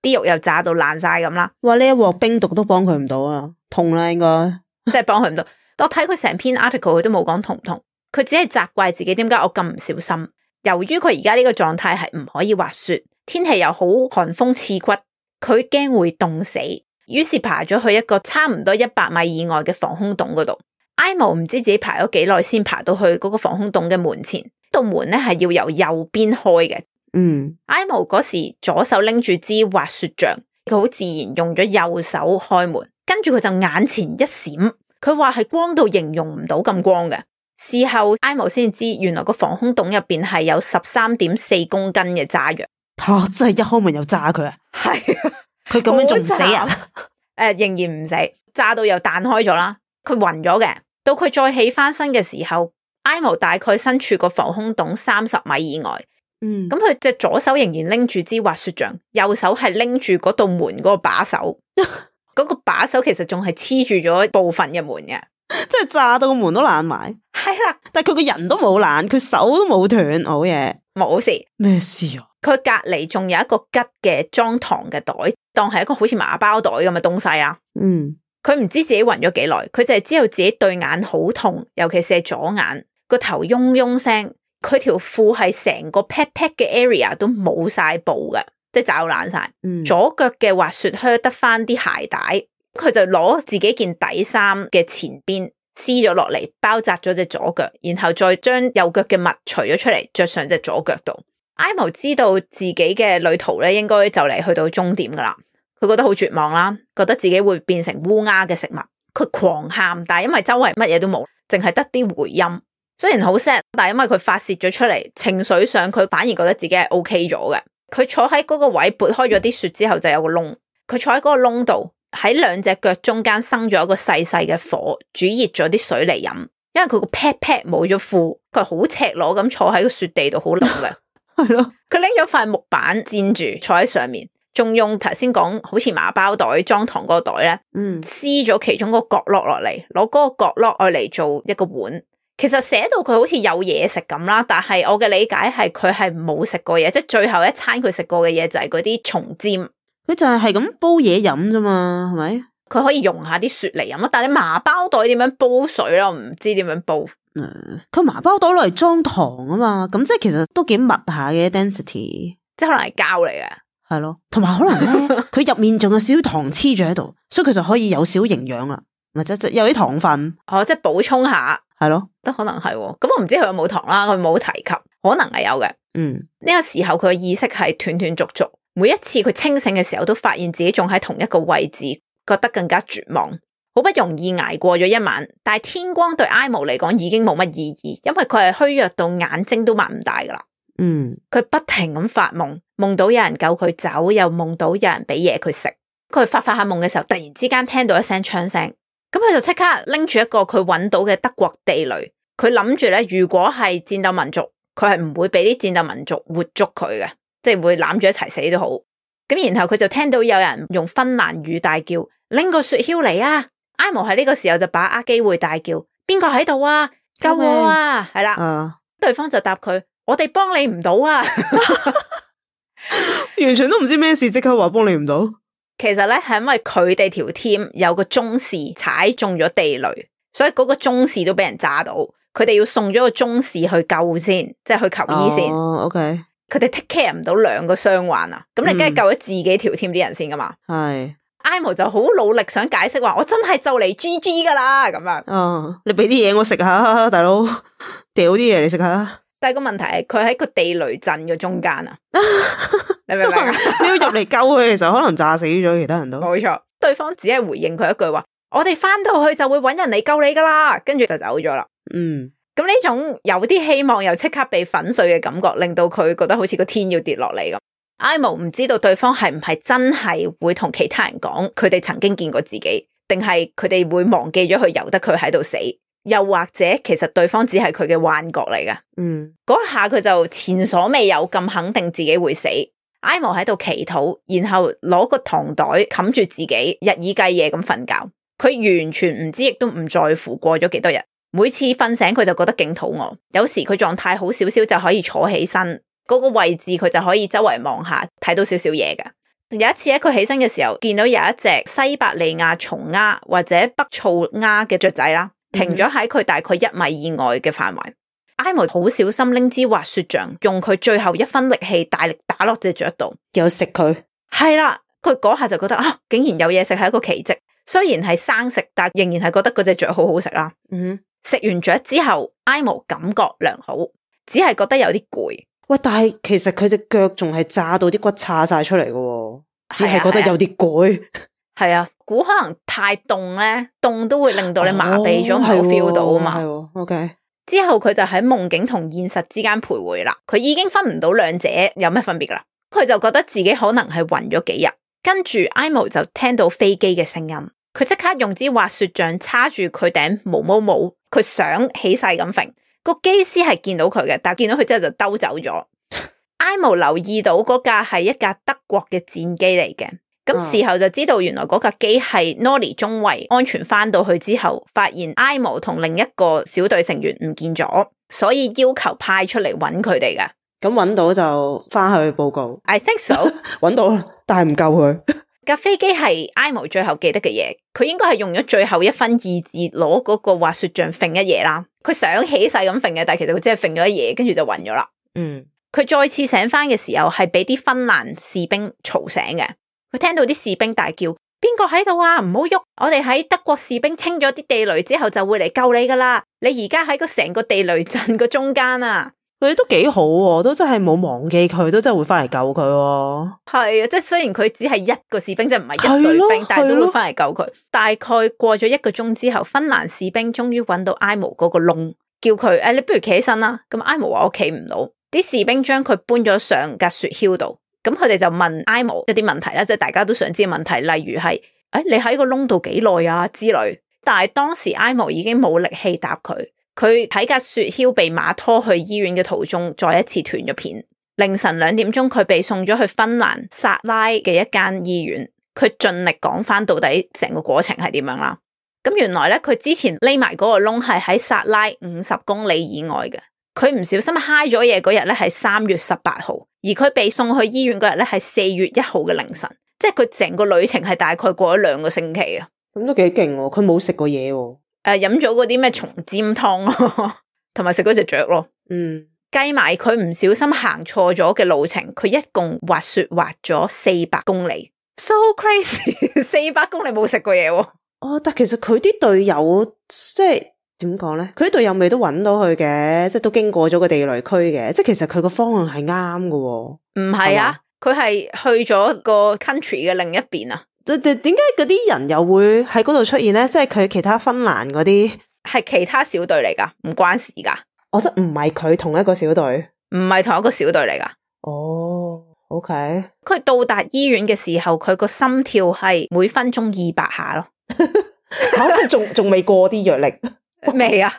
啲 [laughs] 肉又炸到爛晒咁啦。哇！呢一鑊冰毒都幫佢唔到啊，痛啦應該，即 [laughs] 係幫佢唔到。我睇佢成篇 article，佢都冇講痛唔痛，佢只係責怪自己點解我咁唔小心。由於佢而家呢個狀態係唔可以滑雪，天氣又好寒風刺骨，佢驚會凍死，於是爬咗去一個差唔多一百米以外嘅防空洞嗰度。埃慕唔知自己爬咗幾耐先爬到去嗰個防空洞嘅門前，道門咧係要由右邊開嘅。嗯，埃慕嗰時左手拎住支滑雪杖，佢好自然用咗右手開門，跟住佢就眼前一閃，佢話係光到形容唔到咁光嘅。事後埃慕先知，原來個防空洞入邊係有十三點四公斤嘅炸藥。吓、哦，真係一開門又炸佢啊！係這 [laughs] 慘，佢咁樣仲唔死人？誒、 [laughs] 呃，仍然唔死，炸到又彈開咗啦，佢暈咗嘅。到佢再起翻身嘅時候，Aimo 大概身處個防空洞三十米以外。嗯，咁佢隻左手仍然拎住支滑雪杖，右手係拎住嗰道門嗰個把手。嗰 [laughs] 個把手其實仲係黐住咗部分嘅門嘅，即係炸到門都爛埋。係啦，啊，但係佢個人都冇爛，佢手都冇斷，好嘢。冇事咩事啊？佢隔籬仲有一個吉嘅裝糖嘅袋，當係一個好似麻包袋咁嘅東西啊。嗯。佢唔知自己暈咗幾耐，佢淨係知道自己對眼好痛，尤其是左眼，個頭嗡嗡聲。佢條褲係成個 pat pat 嘅 area 都冇晒布嘅，即係皺爛晒。嗯、左腳嘅滑雪靴得返啲鞋帶，佢就攞自己件底衫嘅前邊撕咗落嚟包紮咗隻左腳，然後再將右腳嘅襪除咗出嚟着上隻左腳度。Aimo 知道自己嘅旅途咧應該就嚟去到終點噶啦。佢覺得好絕望啦，覺得自己會變成烏鴉嘅食物。佢狂喊，但係因為周圍乜嘢都冇，淨係得啲回音。雖然好 sad，但係因為佢發洩咗出嚟，情緒上佢反而覺得自己係 ok 咗嘅。佢坐喺嗰個位撥開咗啲雪之後，就有個窿。佢坐喺嗰個窿度，喺兩隻腳中間生咗一個細細嘅火，煮熱咗啲水嚟飲。因為佢個 pet pet 冇咗褲，佢好赤裸咁坐喺個雪地度，好冷嘅。係咯，佢拎咗塊木板墊住坐喺上面。仲用頭先講，好似麻包袋裝糖嗰個袋咧，嗯、撕咗其中個角落落嚟，攞嗰個角落愛嚟做一個碗。其實寫到佢好似有嘢食咁啦，但係我嘅理解係佢係冇食過嘢，即係最後一餐佢食過嘅嘢就係嗰啲松尖。佢就係咁煲嘢飲啫嘛，係咪？佢可以用下啲雪嚟飲咯，但係麻包袋點樣煲水咯？唔知點樣煲。佢、嗯、麻包袋攞嚟裝糖啊嘛，咁即係其實都幾密下嘅，啊，density，即係可能係膠嚟嘅。係咯，同埋可能咧，佢入 [laughs] 面仲有少少糖黐住喺度，所以佢就可以有少營養啦，或者即有啲糖分哦，即係補充下，係咯，都可能係、哦。咁我唔知佢有冇糖啦，佢冇提及，可能係有嘅。嗯，呢個時候佢嘅意識係斷斷續續，每一次佢清醒嘅時候，都發現自己仲喺同一個位置，覺得更加絕望。好不容易挨過咗一晚，但係天光對 Aimo 嚟講已經冇乜意義，因為佢係虛弱到眼睛都擘唔大噶啦。嗯，佢不停咁發夢，夢到有人救佢走，又夢到有人俾嘢佢食。佢發發下夢嘅時候，突然之間聽到一聲槍聲，咁佢就即刻拎住一個佢搵到嘅德國地雷。佢諗住咧，如果係戰鬥民族，佢係唔會俾啲戰鬥民族活捉佢嘅，即係會攬住一齊死都好。咁然後佢就聽到有人用芬蘭語大叫：「拎個雪橇嚟啊！」Aimo 喺呢個時候就把握機會大叫：「邊個喺度啊？救我啊！」係啦，對方就答佢。我哋幫你唔到啊 [laughs] ！ [laughs] 完全都唔知咩事，即刻話幫你唔到。其實咧，係因為佢哋條 team 有個中士踩中咗地雷，所以嗰個中士都俾人炸到。佢哋要送咗個中士去救先，即係去求醫先。O K，佢哋 take care 唔到兩個傷患啊！咁你梗係救咗自己條 team 啲人先噶嘛？係。Aimo 就好努力想解釋話，我真係就嚟 G G 噶啦咁樣。哦，oh, 你俾啲嘢我食下，大佬，掉啲嘢你食下。但個問題係佢喺個地雷陣嘅中間啊， [laughs] 你明唔明？ [laughs] 你要入嚟救佢嘅時候，可能炸死咗其他人都冇錯。對方只係回應佢一句話：我哋翻到去就會揾人嚟救你噶啦。跟住就走咗啦。嗯，咁呢種有啲希望又即刻被粉碎嘅感覺，令到佢覺得好似個天要跌落嚟咁。艾慕唔知道對方係唔係真係會同其他人講佢哋曾經見過自己，定係佢哋會忘記咗佢，由得佢喺度死。又或者，其實對方只係佢嘅幻覺嚟嘅。嗯，嗰下佢就前所未有咁肯定自己會死。艾摩喺度祈禱，然後攞個糖袋冚住自己，日以繼夜咁瞓覺。佢完全唔知，亦都唔在乎過咗幾多日。每次瞓醒，佢就覺得勁肚餓。有時佢狀態好少少，就可以坐起身，嗰個位置佢就可以周圍望下，睇到少少嘢嘅。有一次喺佢起身嘅時候，見到有一隻西伯利亞松鴉或者北噪鴉嘅雀仔啦。停咗喺佢大概一米以外嘅範圍，埃摩好小心拎支滑雪杖，用佢最後一分力氣大力打落隻雀度，有食佢。係啦，佢嗰下就覺得啊，竟然有嘢食係一個奇蹟。雖然係生食，但仍然係覺得嗰隻雀好好食啦。嗯，食完雀之後，埃摩感覺良好，只係覺得有啲攰。喂，但係其實佢隻腳仲係炸到啲骨叉晒出嚟嘅，只係覺得有啲攰。的 [laughs] 係啊，估可能太凍咧，凍都會令到你麻痹咗，冇 feel、哦、到啊嘛。哦哦、OK，之後佢就喺夢境同現實之間徘徊啦，佢已經分唔到兩者有咩分別㗎啦。佢就覺得自己可能係暈咗幾日，跟住艾慕就聽到飛機嘅聲音，佢即刻用支滑雪杖叉住佢頂毛毛帽，佢想起晒咁揈，個機師係見到佢嘅，但係見到佢之後就兜走咗。艾慕 [laughs] 留意到嗰架係一架德國嘅戰機嚟嘅。咁事、嗯、後就知道，原來嗰架機係 Nolly 中衛安全翻到去之後，發現 Aimo 同另一個小隊成員唔見咗，所以要求派出嚟揾佢哋嘅。咁揾到就翻去報告。I think so。揾 [laughs] 到啦，但係唔救佢架 [laughs] 飛機係 Aimo 最後記得嘅嘢，佢應該係用咗最後一分二字攞嗰個滑雪杖揈一嘢啦。佢想起勢咁揈嘅，但係其實佢真係揈咗一嘢，跟住就暈咗啦。嗯，佢再次醒翻嘅時候係俾啲芬蘭士兵嘈醒嘅。聽到啲士兵大叫：邊個喺度啊？唔好喐！我哋喺德國士兵清咗啲地雷之後，就會嚟救你噶啦！你而家喺個成個地雷陣個中間啊！佢哋都幾好、啊，都真係冇忘記佢，都真係會翻嚟救佢。係啊，即係雖然佢只係一個士兵，即係唔係一隊兵，但係都會翻嚟救佢。大概過咗一個鐘之後，芬蘭士兵終於揾到埃莫嗰個窿，叫佢：誒、哎，你不如企起身啦！咁埃莫話我企唔到，啲士兵將佢搬咗上架雪橇度。咁佢哋就問埃莫一啲問題啦，即係大家都想知嘅問題，例如係誒、哎、你喺個窿度幾耐啊之類。但係當時埃莫已經冇力氣答佢，佢睇架雪橇被馬拖去醫院嘅途中，再一次斷咗片。凌晨兩點鐘，佢被送咗去芬蘭薩拉嘅一間醫院。佢盡力講翻到底成個過程係點樣啦。咁原來咧，佢之前匿埋嗰個窿係喺薩拉五十公里以外嘅。佢唔小心嗨咗嘢嗰日咧係三月十八號，而佢被送去醫院嗰日咧係四月一號嘅凌晨，即係佢成個旅程係大概過咗兩個星期、哦哦呃、飲啊。咁都幾勁喎！佢冇食過嘢喎，誒，飲咗嗰啲咩松尖湯咯，同埋食嗰隻雀咯。嗯，計埋佢唔小心行錯咗嘅路程，佢一共滑雪滑咗四百公里，so crazy！四 [laughs] 百公里冇食過嘢喎、哦。哦，但其實佢啲隊友即係。點講咧？佢呢度又未都搵到佢嘅，即係都經過咗個地雷區嘅，即係其實佢個方向係啱㗎。唔係啊，佢係吧去咗個 country 嘅另一邊啊。點點解嗰啲人又會喺嗰度出現咧？即係佢其他芬蘭嗰啲係其他小隊嚟噶，唔關事噶。哦，即唔係佢同一個小隊，唔係同一個小隊嚟噶。哦、oh，OK。佢到達醫院嘅時候，佢個心跳係每分鐘二百下咯。 [laughs] [laughs] 哦、即係仲仲未過啲藥力。未啊！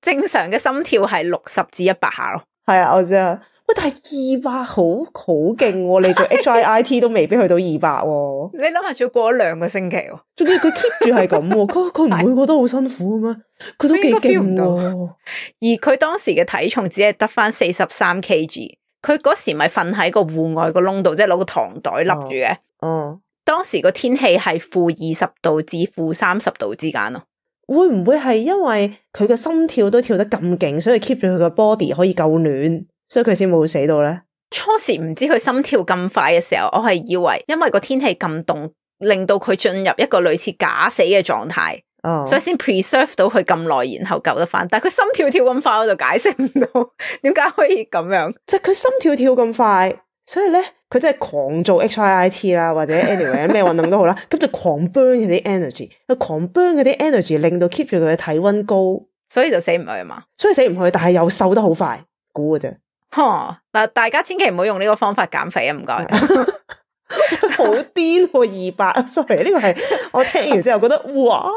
正常嘅心跳係六十至一百下咯。係啊，我知啊。喂，但係二百好好勁喎，你做 HIIT [laughs] 都未必去到二百啊。你諗下，仲過咗兩個星期啊，仲要佢 keep 住係咁，佢佢唔會覺得好辛苦咩？佢都幾勁喎。到而佢當時嘅體重只係得翻四十三 kg，佢嗰時咪瞓喺個戶外個窿度，即係攞個糖袋笠住嘅。哦。當時個天氣係負二十度至負三十度之間咯。會唔會係因為佢個心跳都跳得咁勁，所以 keep 住佢個 body 可以夠暖，所以佢先冇死到呢？初時唔知佢心跳咁快嘅時候，我係以為因為個天氣咁凍，令到佢進入一個類似假死嘅狀態，oh. 所以先 preserve 到佢咁耐，然後救得翻。但係佢心跳跳咁快，我就解釋唔到，點解可以咁樣？即係佢心跳跳咁快，所以呢。佢真係狂做 HIIT 啦，或者 anyway 咩運動都好啦，咁 [laughs] 就狂 burn 佢啲 energy，狂 burn 佢啲 energy，令到 keep 住佢嘅體溫高，所以就死唔去嘛。所以死唔去，但係又瘦得好快，估嘅啫。吓，嗱，大家千祈唔好用呢個方法減肥啊！唔該， [laughs] [laughs] [laughs] 好癲，二百 [laughs] ，sorry，呢個係我聽完之後覺得哇，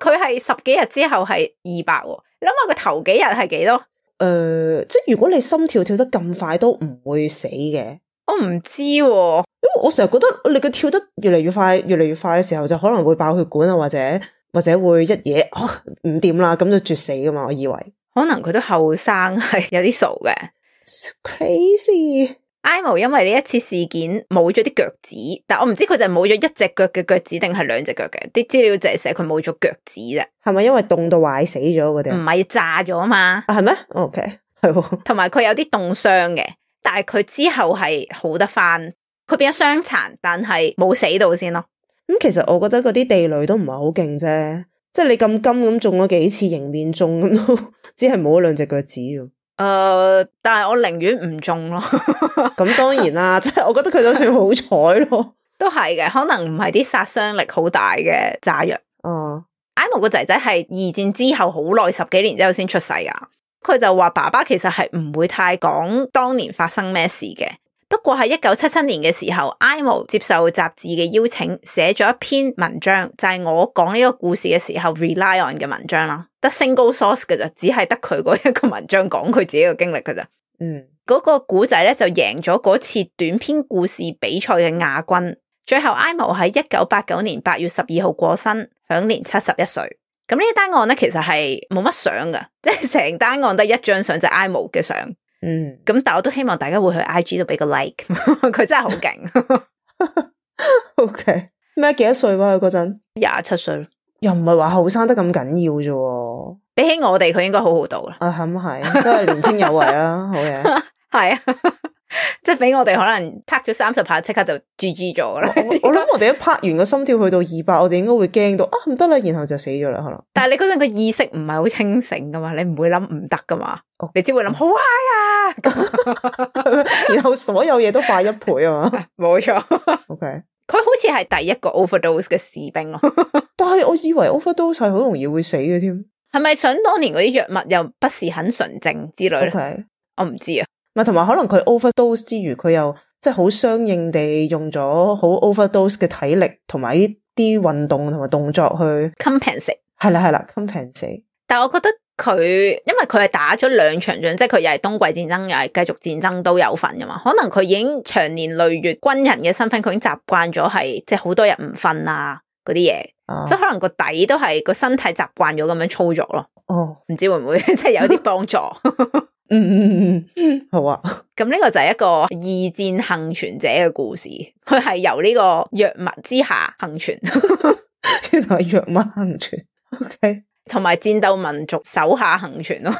佢係 [laughs] What? [laughs] 十幾日之後係二百，你諗下佢頭幾日係幾多？誒，即係如果你心跳跳得咁快，都唔會死嘅。我唔知啊，因為我成日覺得你佢跳得越嚟越快，越嚟越快嘅時候就可能會爆血管啊，或者或者會一嘢，啊，唔掂啦，咁就絕死噶嘛，我以為。可能佢都後生，係有啲傻嘅，crazy。Aimo 因為呢一次事件冇咗啲腳趾，但我唔知佢就係冇咗一隻腳嘅腳趾，定係兩隻腳嘅？啲資料就係寫佢冇咗腳趾啫。係咪因為凍到壞死咗啲？佢哋唔係炸咗嘛？啊，係咩？OK，係。 [laughs] 同埋佢有啲凍傷嘅。但係佢之後係好得翻，佢變咗傷殘，但係冇死到先咯。咁其實我覺得嗰啲地雷都唔係好勁啫，即係你咁金咁中咗幾次迎面中咁都只係冇咗兩隻腳趾。誒、呃，但係我寧願唔中咯。咁 [laughs] 當然啦，即係 [laughs] [laughs] 我覺得佢都算好彩咯。都係嘅，可能唔係啲殺傷力好大嘅炸藥。哦、嗯，艾慕個仔仔係二戰之後好耐十幾年之後先出世㗎。佢就話爸爸其實係唔會太講當年發生咩事嘅，不過喺一九七七年嘅時候，Aimo 接受雜誌嘅邀請寫咗一篇文章，就係、是、我講呢個故事嘅時候 rely on 嘅文章啦，得 single source 嘅咋，只係得佢嗰一個文章講佢自己嘅經歷噶咋，嗯，嗰個古仔咧就贏咗嗰次短篇故事比賽嘅亞軍，最後 Aimo 喺一九八九年八月十二號過身，享年七十一歲。咁呢一單案咧，其實係冇乜相噶，即係成單案得一張相，就 Aimo 嘅相。嗯，咁但我都希望大家會去 IG 度俾個 like，佢 [laughs] 真係好勁。OK，咩幾多歲啊？佢嗰陣廿七歲，歲又唔係話後生得咁緊要啫。比起我哋，佢應該好好到啦。啊，咁係都係年青有為啦，好嘢。係啊。即係俾我哋可能拍咗三十拍，即刻就 GG 咗啦。我諗我哋一拍完個心跳去到二百，我哋應該會驚到啊唔得啦，然後就死咗啦可能。就是，但係你嗰陣個意識唔係好清醒噶嘛，你唔會諗唔得噶嘛，oh. 你只會諗，oh. 好 high 啊 [laughs] ，然後所有嘢都快一倍啊嘛，冇錯 [laughs] 錯。OK，佢好似係第一個 overdose 嘅士兵咯。 [laughs] 但係我以為 overdose 係好容易會死嘅添，係咪想當年嗰啲藥物又不是很純淨之類咧？Okay. 我唔知啊。同埋可能佢 overdose 之餘，佢又即係好相應地用咗好 overdose 嘅體力同埋一啲運動同埋動作去 compensate。係啦係啦，compensate。但係我覺得佢，因為佢係打咗兩場仗，即係佢又係冬季戰爭又係繼續戰爭都有份噶嘛。可能佢已經長年累月軍人嘅身份，佢已經習慣咗係即係好多人唔瞓啊嗰啲嘢，啊、所以可能個底都係個身體習慣咗咁樣操作咯。哦，唔知會唔會即係有啲幫助。 [laughs] 嗯嗯嗯嗯，好啊！咁呢個就係一個二戰幸存者嘅故事，佢係由呢個藥物之下幸存， [laughs] 原來藥物幸存。OK，同埋戰鬥民族手下幸存咯，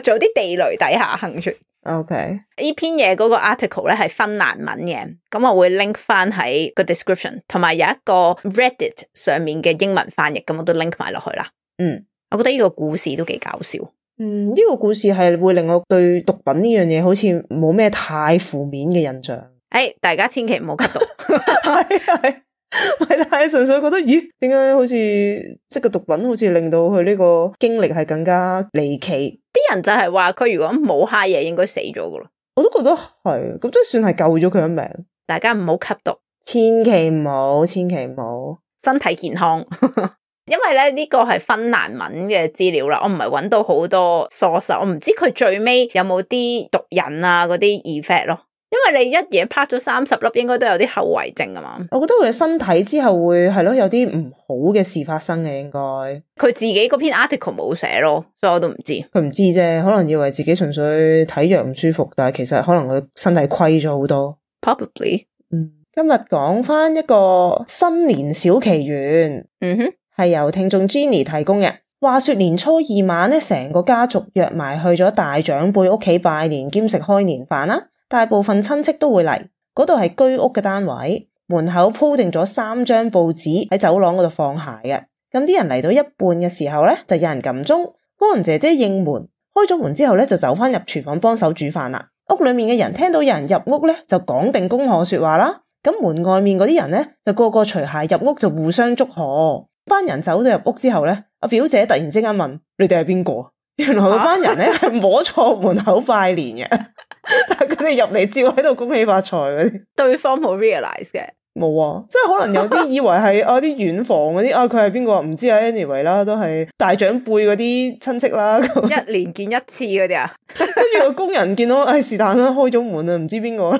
做啲地雷底下幸存。OK，呢篇嘢嗰個 article 咧係芬蘭文嘅，咁我會 link 翻喺個 description，同埋有一個 Reddit 上面嘅英文翻譯，咁我都 link 埋落去啦。嗯，我覺得呢個故事都幾搞笑。嗯，呢、這個故事係會令我對毒品呢樣嘢好似冇咩太負面嘅印象。誒、哎，大家千祈唔好吸毒。係，係，係，但係純粹覺得，咦，點解好似即係個毒品好似令到佢呢個經歷係更加離奇？啲人就係話佢如果冇嗨嘢，應該死咗噶咯。我都覺得係，咁即係算係救咗佢一命。大家唔好吸毒，千祈唔好，千祈唔好，身體健康。 [laughs] 因為咧、呢、這個係芬蘭文嘅資料啦，我唔係搵到好多 source，啊，我唔知佢最尾有冇啲毒癮啊嗰啲 effect 咯。因為你一嘢拍咗三十粒，應該都有啲後遺症㗎嘛。我覺得佢嘅身體之後會係咯，有啲唔好嘅事發生嘅，應該。佢自己嗰篇 article 冇寫咯，所以我都唔知。佢唔知啫，可能以為自己純粹睇藥唔舒服，但係其實可能佢身體虧咗好多。Probably，嗯，今日講返一個新年小奇懸，嗯哼、mm。Hmm. 係由聽眾 Jenny 提供嘅。話說年初二晚咧，成個家族約埋去咗大長輩屋企拜年兼食開年飯啦。大部分親戚都會嚟嗰度，係居屋嘅單位，門口鋪定咗三張報紙喺走廊嗰度放鞋嘅。咁啲人嚟到一半嘅時候咧，就有人撳鐘，高雲姐姐應門，開咗門之後咧就走翻入廚房幫手煮飯啦。屋裏面嘅人聽到有人入屋咧，就講定恭賀說話啦。咁門外面嗰啲人咧，就個個除鞋入屋就互相祝賀。班人走咗入屋之後咧，阿表姐突然之間問：你哋係邊個？原來嗰班人咧係摸錯門口拜年嘅， [laughs] 但係佢哋入嚟照喺度恭喜發財嗰啲。對方冇 realize 嘅。冇啊， [laughs] 即係可能有啲以為係啊啲遠房嗰啲啊，佢係邊個唔知啊？anyway 啦，都係大長輩嗰啲親戚啦。一年見一次嗰啲啊， [laughs] 跟住個工人見到唉，是但啦，à，開咗門啊，唔知邊個。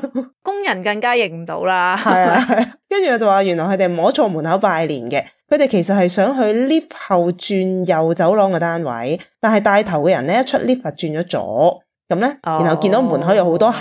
工人更加認唔到啦。係啊係， [laughs] 跟住就話原來佢哋摸錯門口拜年嘅，佢哋其實係想去 lift 後轉右走廊嘅單位，但係帶頭嘅人咧一出 lift 轉咗左，咁咧，然後見到門口有好多鞋，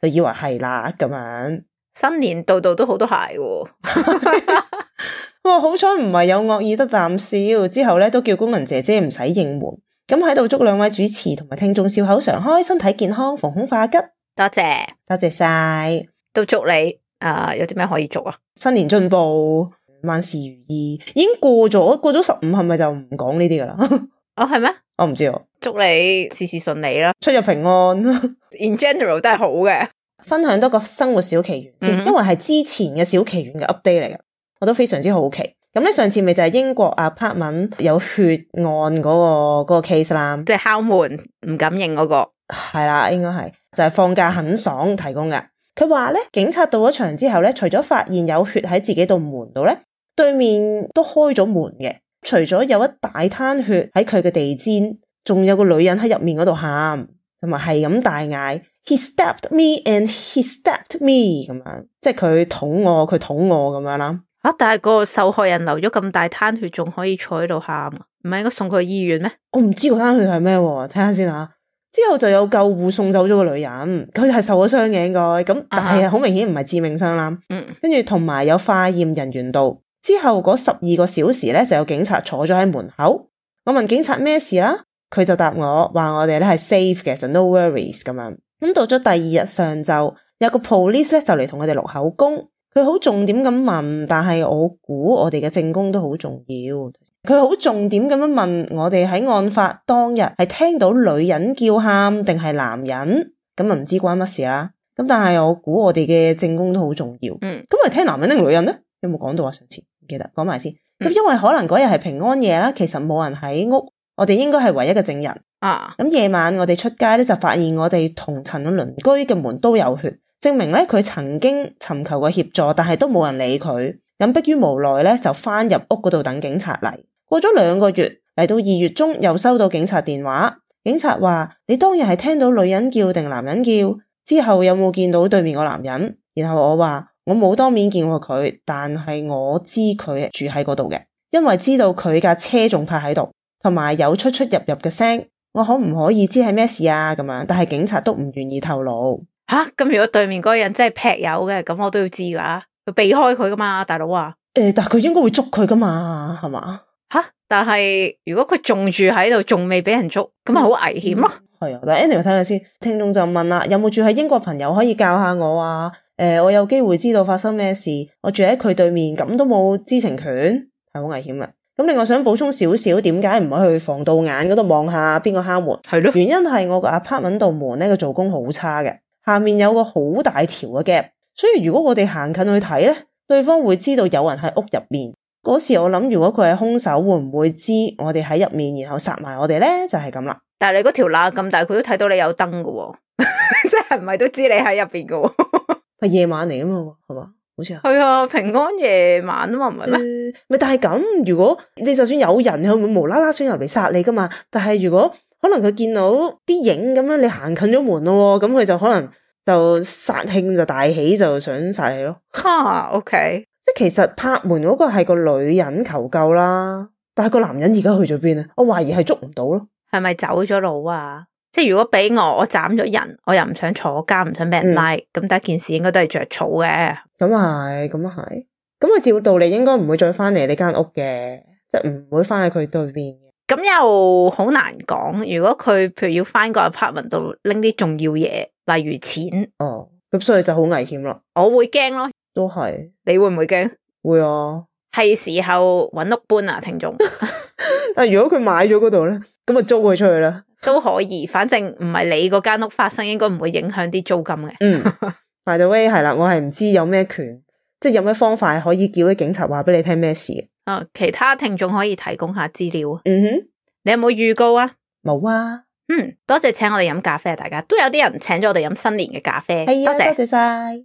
就以為係啦咁樣。新年度度都好多鞋喎。哦， [laughs] [laughs] 哇！好彩唔係有惡意得，得啖笑之後咧，都叫工人姐姐唔使應門。咁喺度祝兩位主持同埋聽眾笑口常開，身體健康，逢凶化吉。多謝，多謝晒。都祝你啊，有啲咩可以祝啊？新年進步，萬事如意。已經過咗，過咗十五，係咪就唔講呢啲噶啦？哦，係咩？我唔知。祝你事事順利啦，出入平安啦。 [laughs] In general，都係好嘅。分享多個生活小奇緣先，因為係之前嘅小奇緣嘅 update 嚟嘅，我都非常之好奇。咁咧，上次咪就係英國 apartment 有血案嗰個嗰個 case 啦，即係敲門唔敢應嗰個，係啦應該係就係、係、放假很爽提供嘅。佢話咧，警察到咗場之後咧，除咗發現有血喺自己度門度咧，對面都開咗門嘅，除咗有一大灘血喺佢嘅地氈，仲有個女人喺入面嗰度喊，同埋係咁大嗌。He stabbed me and he stabbed me，咁樣即係佢捅我，佢捅我咁樣啦。啊！但係個受害人流咗咁大攤血，仲可以坐喺度喊，唔係應該送佢去醫院咩？我唔知個攤血係咩啊，聽下先吓啊。之後就有救護送走咗個女人，佢係受咗傷嘅，應該咁，但係好明顯唔係致命傷啦。跟住同埋有化驗人員度之後嗰十二個小時咧，就有警察坐咗喺門口。我問警察咩事啦？佢就答我話我哋咧係 safe 嘅，就 no worries 咁樣。咁到咗第二日上晝，有個 police 咧就嚟同我哋錄口供，佢好重點咁問，但係我估我哋嘅證供都好重要，佢好重點咁樣問我哋喺案發當日係聽到女人叫喊定係男人，咁啊唔知關乜事啦。咁但係我估我哋嘅證供都好重要，嗯，咁我係聽男人定女人呢？有冇講到啊？上次唔記得講埋先，咁、嗯、因為可能嗰日係平安夜啦，其實冇人喺屋。我哋應該係唯一嘅證人啊！咁夜晚我哋出街咧，就發現我哋同層嘅鄰居嘅門都有血，證明咧佢曾經尋求過協助，但係都冇人理佢，咁迫於無奈咧就翻入屋嗰度等警察嚟。過咗兩個月，嚟到二月中又收到警察電話，警察話：你當日係聽到女人叫定男人叫之後，有冇見到對面個男人？然後我話：我冇當面見過佢，但係我知佢住喺嗰度嘅，因為知道佢架車仲泊喺度。同埋有出出入入嘅聲，我可唔可以知係咩事啊？咁樣，但係警察都唔願意透露。吓、啊，咁如果對面嗰個人真係劈友嘅，咁我都要知噶，佢避開佢噶嘛，大佬啊。誒、欸，但係佢應該會捉佢噶嘛，係嘛？吓，但係如果佢仲住喺度，仲未俾人捉，咁咪好危險咯。係啊，但係 Andy 睇下先看看，聽眾就問啦，有冇住喺英國朋友可以教下我啊？誒、呃，我有機會知道發生咩事，我住喺佢對面，咁都冇知情權，係好危險嘅、啊。咁另外想補充少少，點解唔可以去防盜眼嗰度望下邊個敲門？係咯的，原因係我個 apartment 道門咧個做工好差嘅，下面有個好大條嘅 gap，所以如果我哋行近去睇咧，對方會知道有人喺屋入面。嗰時我諗，如果佢係凶手，會唔會知我哋喺入面，然後殺埋我哋咧？就係咁啦。但係你嗰條罅咁大，佢都睇到你有燈噶、哦，即係唔係都知你喺入邊噶？係 [laughs] 夜 [laughs] 晚嚟啊嘛，係嘛？好似啊，係啊，平安夜晚啊嘛，唔係咩？咪但係咁，如果你就算有人，佢會無啦啦想入嚟殺你噶嘛？但係如果可能佢見到啲影咁樣，你行近咗門咯，咁、嗯、佢就可能就殺興就大喜，就想殺你咯。哈，OK，即係其實拍門嗰個係個女人求救啦，但係個男人而家去咗邊啊？我懷疑係捉唔到咯，係咪走咗路啊？即係如果俾我，我斬咗人，我又唔想坐監，唔想俾人拉，咁第一件事應該都係着草嘅。咁係，咁啊係。咁啊，照道理應該唔會再翻嚟呢間屋嘅，即係唔會翻去佢對面嘅。咁又好難講。如果佢譬如要翻個 apartment 度拎啲重要嘢，例如錢，哦，咁所以就好危險啦。我會驚咯，都係是。你會唔會驚？會啊，係 [laughs] 時候揾屋搬啊，聽眾。 [laughs] [laughs] 但如果佢買咗嗰度咧，咁啊租佢出去啦。 [laughs] 都可以，反正唔係你嗰間屋發生，應該唔會影響啲租金嘅。嗯 [laughs] ，by the way 係啦，我係唔知有咩權，即係有咩方法可以叫啲警察話俾你聽咩事。啊，其他聽眾可以提供下資料。嗯哼，你有冇預告啊？冇啊。嗯，多謝請我哋飲咖啡啊！大家都有啲人請咗我哋飲新年嘅咖啡。係啊，多謝晒。